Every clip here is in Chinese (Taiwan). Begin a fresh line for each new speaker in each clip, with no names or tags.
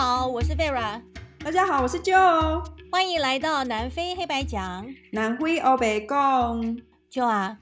大家好，我是 Vera。大家好，我是 Gio。歡迎來到南非黑白講，南非歐白講，Gio 啊。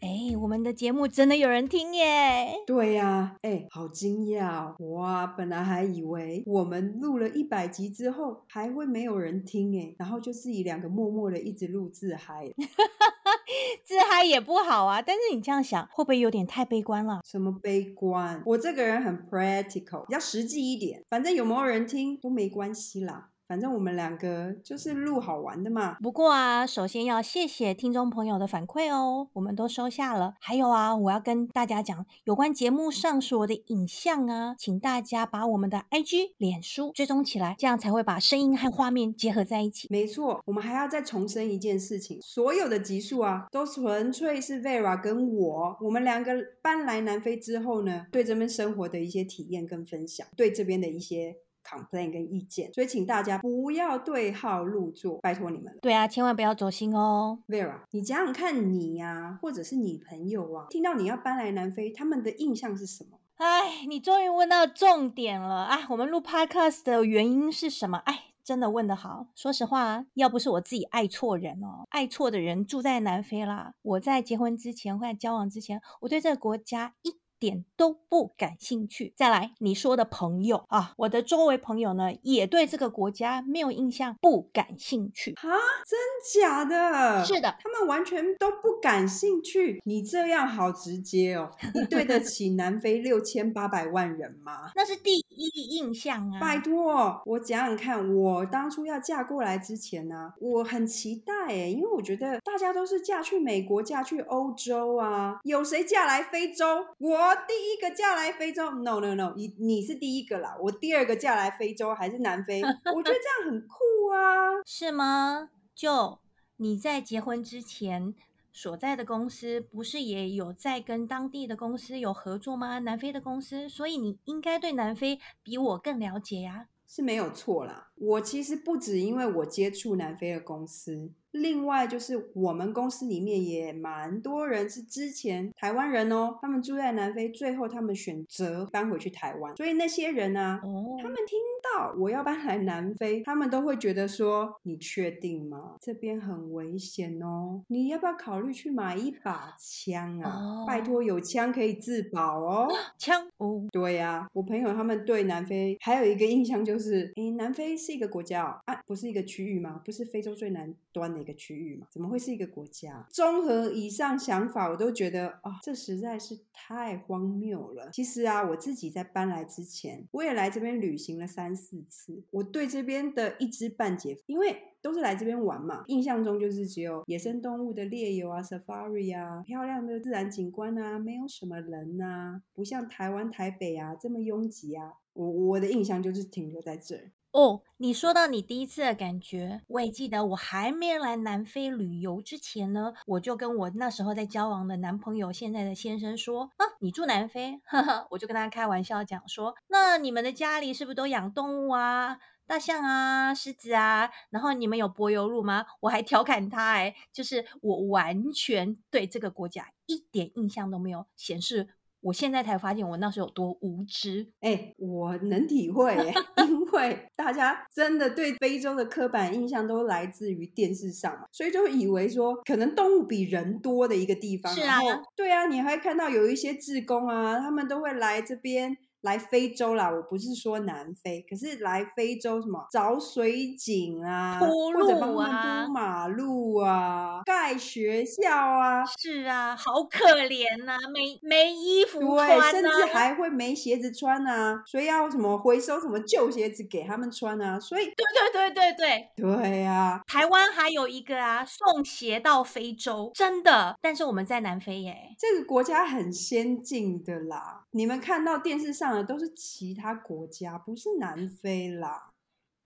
哎、欸，我們的
節目真的有人聽耶！對呀、啊，哎、欸，好驚訝，哇！本來還以為我們錄了一百集之後還會沒有人聽耶。然後就是以兩個默默的一直錄自嗨， 自嗨也
不好啊。但是你這樣想，
會不會有點太悲觀了？什麼悲觀？我這個人很 practical，比較實際一點。反正有沒有人聽都沒關係啦。反正我們兩個就是錄好玩的嘛。
不過啊，首先要謝謝聽眾朋友的反饋哦，我們都收下了。還有啊，我要跟大家講，有關節目上所有的影像啊，請大家把我們的
IG、臉書追蹤起來，這樣才會把聲音和畫面結合在一起。沒錯，我們還要再重申一件事情：所有的集數啊，都純粹是 Vera 跟我，我們兩個搬來南非之後呢，對這邊生活的一些體驗跟分享，對這邊的一些。complain 跟意見，所以請大家不要對號入座，拜托你們了。對啊，千萬不要走心哦，Vera。你講講看，你啊，或者是你朋友啊，聽到你要搬來南非，他們的印象是什麼？
哎，你終於問到重點了啊！我們錄 podcast 的原因是什麼？哎，真的問得好。說實話，要不是我自己愛錯人哦，愛錯的人住在南非啦，我在結婚之前或在交往之前，我對這個國家一點都不感興趣。再來，你說的朋友啊，我的周圍朋友呢，也對這個國家沒有印象，不感興趣。哈？
真假的？是的，他們完全都不感興趣。你這樣好直接哦，你對得起南非六千八百萬人嗎？
那是第一印
象啊。拜托，我講講看，我當初要嫁過來之前呢、啊，我很期待誒、欸，因為我覺得大家都是嫁去美國、嫁去歐洲啊，有誰嫁來非洲？我，第一個嫁來非洲，no no no，你你是第一個啦，我第二個嫁來非洲，還是南非，我覺得這樣很酷啊， 是嗎？
就你在結婚之前所在的公司，不是也有在跟當地的公司有合作嗎？南非的公司，所以你應該對南非比我更了解呀，
啊，是沒有錯啦。我其實不止因為我接觸南非的公司。另外就是我們公司裡面也蠻多人是之前台灣人哦，他們住在南非，最後他們選擇搬回去台灣。所以那些人、啊、哦，他們聽到我要搬來南非，他們都會覺得說：“你確定嗎？這邊很危險哦，你要不要考慮去買一把槍啊？哦、拜托，有槍可以自保哦。槍”槍哦，對呀、啊，我朋友他們對南非還有一個印象就是，誒，南非是一個國家、哦、啊，不是一個區域嗎？不是非洲最南端的？一個區域嘛，怎麼會是一個國家？綜合以上想法，我都覺得啊、哦，這實在是太荒謬了。其實啊，我自己在搬來之前，我也來這邊旅行了三四次，我對這邊的一知半解，因為都是來這邊玩嘛。印象中就是只有野生動物的獵遊啊、Safari 啊，漂亮的自然景觀啊，沒有什麼人啊，不像台灣台北啊這麼擁擠啊。我我的印象就是停留在這兒。
哦，你說到你第一次的感覺，我也記得，我還沒來南非旅遊之前呢，我就跟我那時候在交往的男朋友，現在的先生說啊，你住南非呵呵，我就跟他開玩笑講說，那你們的家裡是不是都養動物啊，大象啊，獅子啊，然後你們有柏油路嗎？我還調侃他，哎，就是我完全對這個國家一點印象都
沒有，顯示。我現在才發現，我那時候有多無知。哎、欸，我能體會、欸， 因為大家真的對非洲的刻板印象都來自於電視上嘛，所以就以為說可能動物比人多的一個地方。是啊，對啊，你還看到有一些志工啊，他們都會來這邊。來非洲啦！我不是說南非，可是來非洲什麼找水井啊，鋪路啊，鋪馬路啊，蓋學校啊。是啊，好可憐吶
啊，沒沒衣服穿啊，甚至還
會沒鞋子穿啊，所以要什麼回收什麼舊鞋子給他們穿啊。所以，對對對對對對啊！台灣還
有一個啊，送鞋到非洲，真的。但是我們在南非耶，
這個國家很先進的啦。你們看到電視上的都是其他國家，不是南非啦。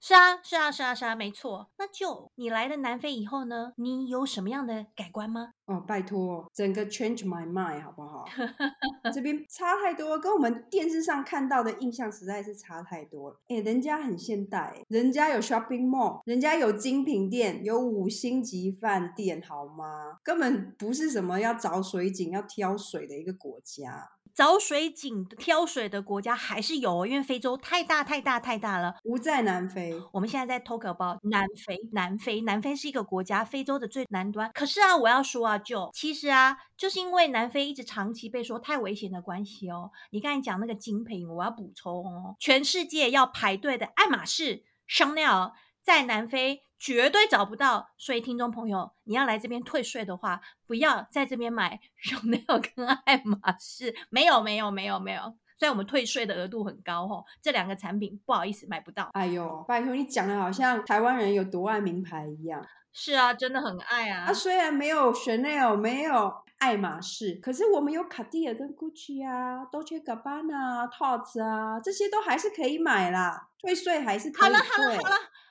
是啊，是啊，是啊，是啊，沒錯。那就你來了南非
以後呢，你有什麼樣的改觀嗎？哦，拜托，整個 change my mind 好不好？ 這邊差太多，跟我們電視上看到的印象實在是差太多了。誒，人家很現代，人家有 shopping mall，人家有精品店，有五星級飯店，好嗎？根本不是什麼要找水井、要挑水的一個國家。找水井、挑水的國家還是有哦，因為非洲太大
太大太大了。不在南非，我們現在在 talk about 南非。南非，南非是一個國家，非洲的最南端。可是啊，我要說啊，就其實啊，就是因為南非一直長期被說太危險的關係哦。你剛才講那個精品，我要補充哦，全世界要排隊的愛馬仕、香奈兒。在南非絕對找不到，所以聽眾朋友，你要來這邊退稅的話，不要在這邊買。Chanel 跟愛馬仕？沒有，沒有，沒有，沒有。所以，我們退稅的額度很高哦。這兩個產品
不好意思買不到。哎呦，拜托你講的好像台灣人有多愛名牌一樣。
是啊，真的很愛啊。啊，
雖然沒有 Chanel 沒有愛馬仕，可是我們有卡地亞跟 Gucci 啊，Dolce Gabbana、Tots 啊，這些都還是可以買啦，退稅還是可以退。好了，好了，好了。好了好了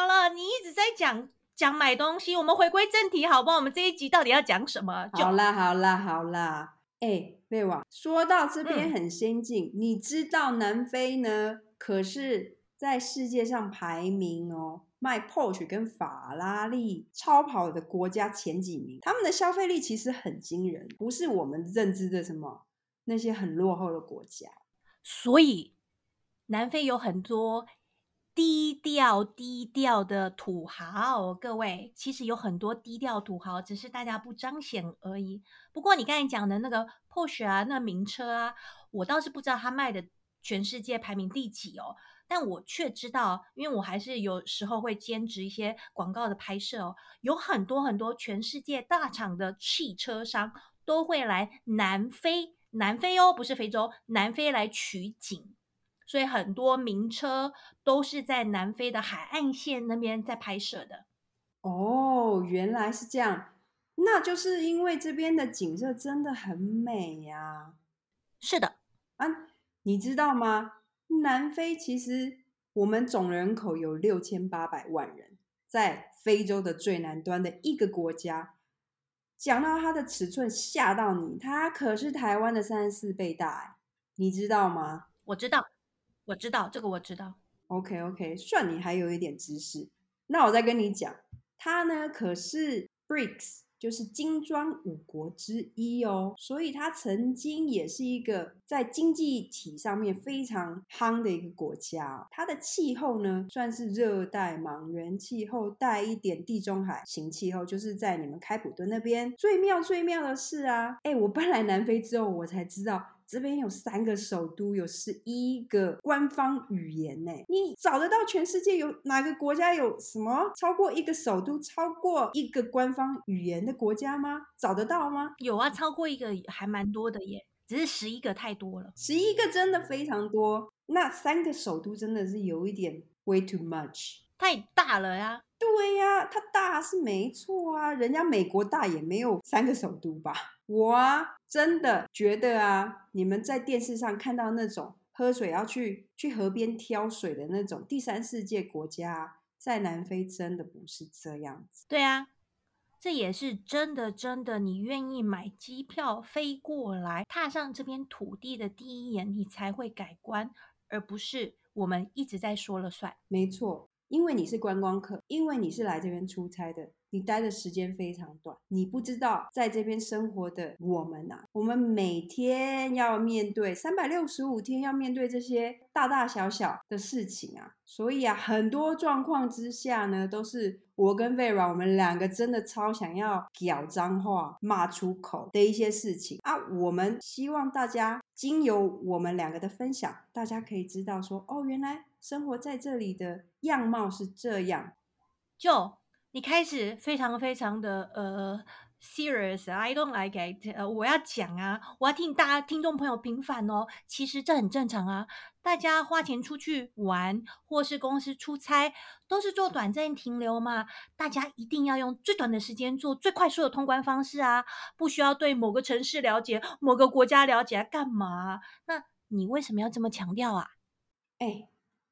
好了，你一直在講
講買東西，我們回歸正題，好不好？我們這一集到底要講什麼？好啦
好啦好啦，哎、欸，Vera，說到這邊很先進、嗯，你知道南非呢？可是，在世界上排名哦，賣 Porsche 跟法拉利超跑的國家前幾名，他們的消費力其實很驚人，不是我們認知的什麼那些很落後的國家。所以，
南非有很多。低調低調的土豪，各位，其實有很多低調土豪，只是大家不彰顯而已。不過你剛才講的那個 Porsche 啊，那名車啊，我倒是不知道他賣的全世界排名第幾哦。但我卻知道，因為我還是有時候會兼職一些廣告的拍攝哦。有很多很多全世界大廠的汽車商都會來南非，南非哦，不是非洲，南非來取景。所以很多名車都是在南非的海岸線那邊在拍攝的。
哦，原來是這樣，那就是因為這邊的景色真的很美呀，啊。是的，啊，你知道嗎？南非其實我們總人口有六千八百萬人，在非洲的最南端的一個國家。講到它的尺寸嚇到你，它可是台灣的三十四倍大，欸，你知道嗎？我知道。我知道，這個我知道。OK OK，算你還有一點知識。那我再跟你講，它呢可是 BRICS，就是金磚五國之一哦。所以它曾經也是一個在經濟體上面非常夯的一個國家哦。它的氣候呢，算是熱帶莽原氣候，帶一點地中海型氣候，就是在你們開普敦那邊。最妙最妙的是啊，哎，欸，我搬來南非之後，我才知道。這邊有三個首都，有十一個官方語言耶。你找得到全世界有哪個國家有什麼超過一個首都，超過一個官方語言的國家嗎？找得到嗎？
有啊，超過一個還
蠻多的耶，只是十一個太多了。十一個真的非常多，那三個首都真的是有一點 way too much，太大了呀，啊。對呀，啊，它大是沒錯啊，人家美國大也沒有三個首都吧。我、啊、真的覺得啊，你們在電視上看到那種喝水要去去河邊挑水的那種第三世界國家，在南非真的不是這樣子。
對啊，這也是真的，真的。
你願意買機票飛
過來，踏上這片土地的第一眼，你才會改觀，而不是
我們一直在說了算。沒錯，因為你是觀光客，因為你是來這邊出差的。你待的時間非常短，你不知道在這邊生活的我們啊，我們每天要面對三百六十五天要面對這些大大小小的事情啊，所以啊，很多狀況之下呢，都是我跟 Vera 我們兩個真的超想要飆髒話罵出口的一些事情啊。我們希望大家經由我們兩個的分享，大家可以知道說哦，原來生活在這裡的樣貌是這樣，就。你開始非常非常的呃 serious，I don't like it，呃，我要講
啊，我要聽大家聽眾朋友平反哦。其實這很正常啊，大家花錢出去玩或是公司出差，都是做短暫停留嘛。大家一定要用最短的時間做最快速的通關方式啊，不需要對某個城市了解，某個國家了解幹嘛。那你為什麼要這麼強調啊？哎，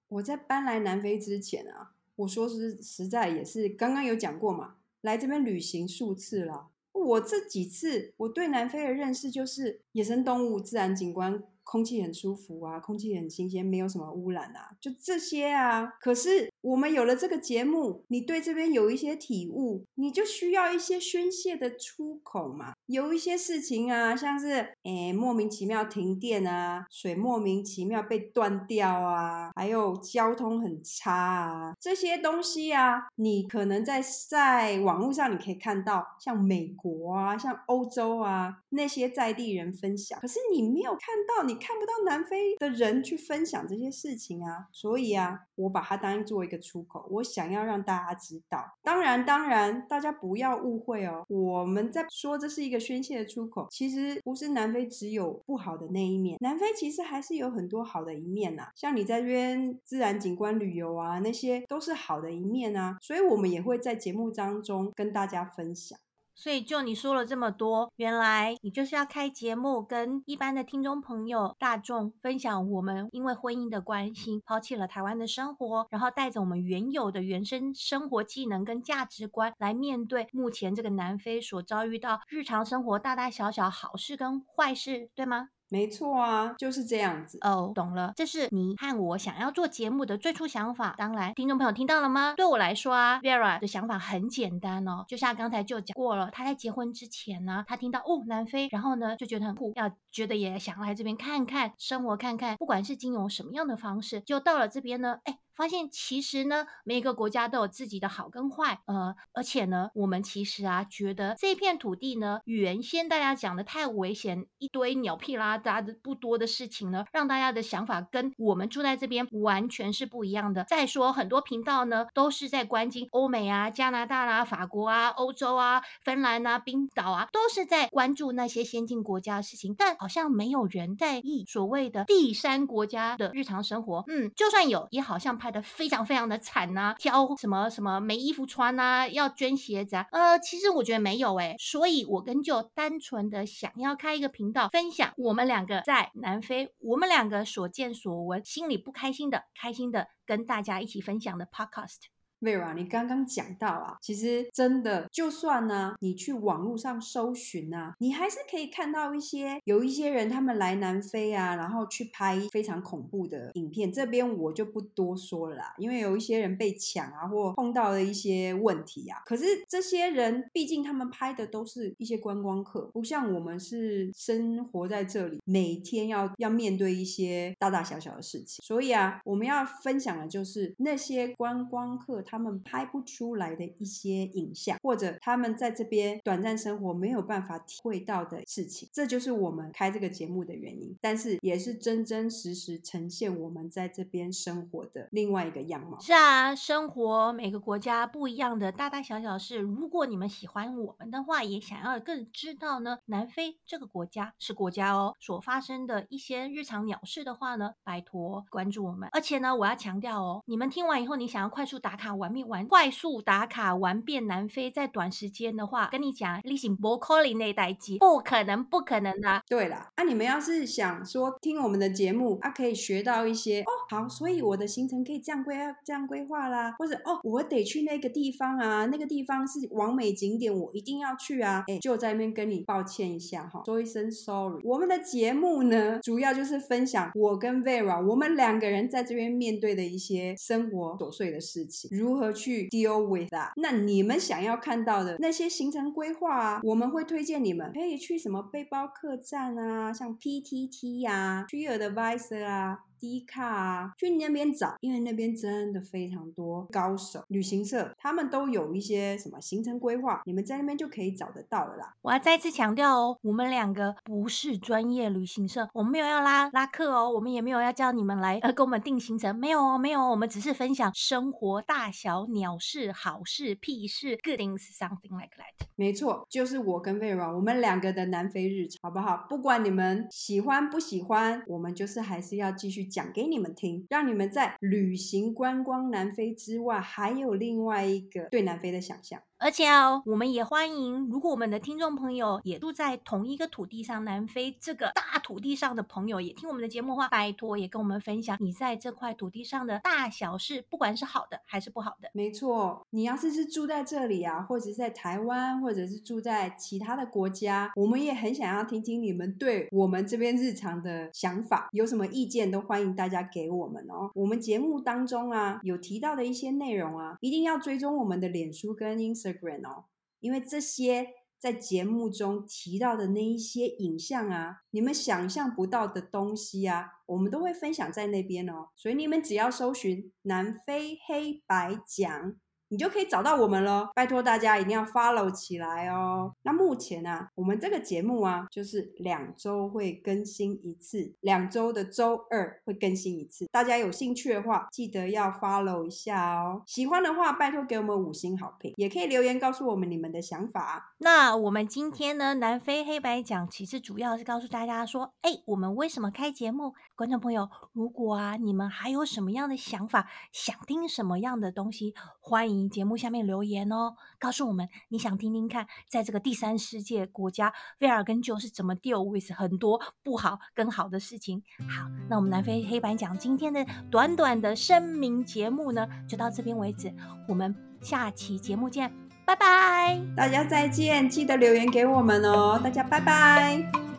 我在搬來南非之前啊。我說實實在也是剛剛有講過嘛，來這邊旅行數次了。我這幾次，我對南非的認識就是野生動物、自然景觀。空氣很舒服啊，空氣很新鮮，沒有什麼污染啊，就這些啊。可是我們有了這個節目，你對這邊有一些體悟，你就需要一些宣洩的出口嘛。有一些事情啊，像是，誒，莫名其妙停電啊，水莫名其妙被斷掉啊，還有交通很差啊，這些東西啊，你可能在在網絡上你可以看到，像美國啊，像歐洲啊，那些在地人分享，可是你沒有看到你。看不到南非的人去分享這些事情啊，所以啊，我把它當做一個出口，我想要讓大家知道。當然，當然，大家不要誤會哦，我們在說這是一個宣洩的出口，其實不是南非只有不好的那一面，南非其實還是有很多好的一面吶，像你在這邊自然景觀旅遊啊，那些都是好的一面啊，所以我們也會在節目當中跟大家分享。
所以，就你說了這麼多，原來你就是要開節目，跟一般的聽眾朋友、大眾分享，我們因為婚姻的關係拋棄了台灣的生活，然後帶着我們原有的原生生活技能跟價值觀來面對目前這個南非所遭遇到日常生活大大小小好事跟壞事，對嗎？沒錯啊，就是這樣子哦，oh, 懂了。這是你和我想要做節目的最初想法。當然，聽眾朋友聽到了嗎？對我來說啊，Vera 的想法很簡單哦，就像剛才就講過了。她在結婚之前呢、啊，她聽到哦南非，然後呢，就覺得很酷，要覺得也想來這邊看看生活，看看，不管是經由什麼樣的方式，就到了這邊呢，哎。發現其實呢，每個國家都有自己的好跟壞，呃，而且呢，我們其實啊，覺得這片土地呢，原先大家講得太危險，一堆鳥屁拉渣的不多的事情呢，讓大家的想法跟我們住在這邊完全是不一樣的。再說很多頻道呢，都是在關心歐美啊、加拿大啦、啊、法國啊、歐洲啊、芬蘭啊、冰島啊，都是在關注那些先進國家的事情，但好像沒有人在意所謂的第三國家的日常生活。嗯，就算有，也好像拍。非常非常的慘吶，挑什麼什麼沒衣服穿吶，要捐鞋子啊，呃，其實我覺得沒有欸，所以我跟 Gio 就單純的想要開一個頻道，分享我們兩個在南非，我們兩個所見所聞，心裡不開心的，開心的跟大家一起分享的 Podcast。
Vera，你剛剛講到啊，其實真的，就算呢，你去網絡上搜尋啊，你還是可以看到一些，有一些人他們來南非啊，然後去拍非常恐怖的影片。這邊我就不多說了啦，因為有一些人被搶啊，或碰到了一些問題呀。可是這些人畢竟他們拍的都是一些觀光客，不像我們是生活在這裡，每天要要面對一些大大小小的事情。所以啊，我們要分享的就是那些觀光客，他們拍不出來的一些影像，或者他們在這邊短暫生活，沒有辦法體會到的事情，這就是我們開這個節目的原因。但是也是真真實實呈現我們在這邊生活的另外一個樣貌。
是啊，生活每個國家不一樣的大大小小事。如果你們喜歡我們的話，也想要更知道呢，南非這個國家是國家哦，所發生的一些日常鳥事的話呢，拜托關注我們。而且呢，我要強調哦，你們聽完以後，你想要快速打卡。玩命玩快速打卡，玩遍南非，在短時間的話，跟你講，例行包 Colin 那代機，不可能，不可能啦。對啦，那、
啊、你們要是想說聽我們的節目，啊，可以學到一些哦。好，所以我的行程可以這樣規這樣規劃啦，或者哦，我得去那個地方啊，那個地方是網美景點，我一定要去啊。誒、欸，就在那邊跟你抱歉一下哈，說一聲 sorry。我們的節目呢，主要就是分享我跟 Vera，我們兩個人在這邊面對的一些生活瑣碎的事情，如如何去 deal with 啊？那你們想要看到的那些行程規劃啊，我們會推薦你們可以去什麼背包客棧啊，像 PTT 呀，旅遊的 Trip Advisor 啊。 低卡啊，去那邊找，因為那邊真的非常多高手旅行社，他們都有一些什麼行程規劃，你們在那邊就可以找得到了啦。我要再次強調哦，我們兩個不是
專業旅行社，我們沒有要拉拉客哦，我們也沒有要叫你們來呃給我們定行程，沒有哦，沒有哦，我們只是分享生活大小鳥事、好事、屁事，Good
things something like that。沒錯，就是我跟 Vera 我們兩個的南非日常，好不好？不管你們喜歡不喜歡，我們就是還是要繼續。講給你們聽，讓你們在旅行觀光南非之外，還有另外一個對南非的想象。
而且哦，我們也歡迎，如果我們的聽眾朋友也住在同一個土地上，南非這個大土地上的朋友，也聽我們的節目的話，拜託也跟我們分享你在這塊土地上的大小事，不管是好的還是不好的。沒
錯，你要是是住在這裡啊，或者是在台灣，或者是住在其他的國家，我們也很想要聽聽你們對我們這邊日常的想法，有什麼意見都歡迎大家給我們哦。我們節目當中啊，有提到的一些內容啊，一定要追蹤我們的臉書跟 Instagram。哦，因為這些在節目中提到的那一些影像啊，你們想象不到的東西啊，我們都會分享在那邊哦。所以你們只要搜尋南非黑白講，你就可以找到我們嘍！拜託大家一定要 follow 起來哦。那目前呢、啊，我們這個節目啊，就是兩週會更新一次，兩週的週二會更新一次。大家有興趣的話，記得要 follow 一下哦。喜歡的話，拜託給我們五星好評，也可以留言告訴我們你們的想法、啊。那我們今天呢，南非黑白講其實主要是告
訴大家說，哎，我們為什麼開節目？觀眾朋友，如果啊，你們還有什麼樣的想法，想聽什麼樣的東西，歡迎。節目下面留言哦，告訴我們你想聽聽看，在這個第三世界國家，Vera 跟 Gio 是怎麼 deal with 很多不好、更好的事情。好，那我們南非黑白講今天的短短的聲明節目呢，就到這邊為止。我們下期節目見，拜
拜，大家再見，記得留言給我們哦，大家拜拜。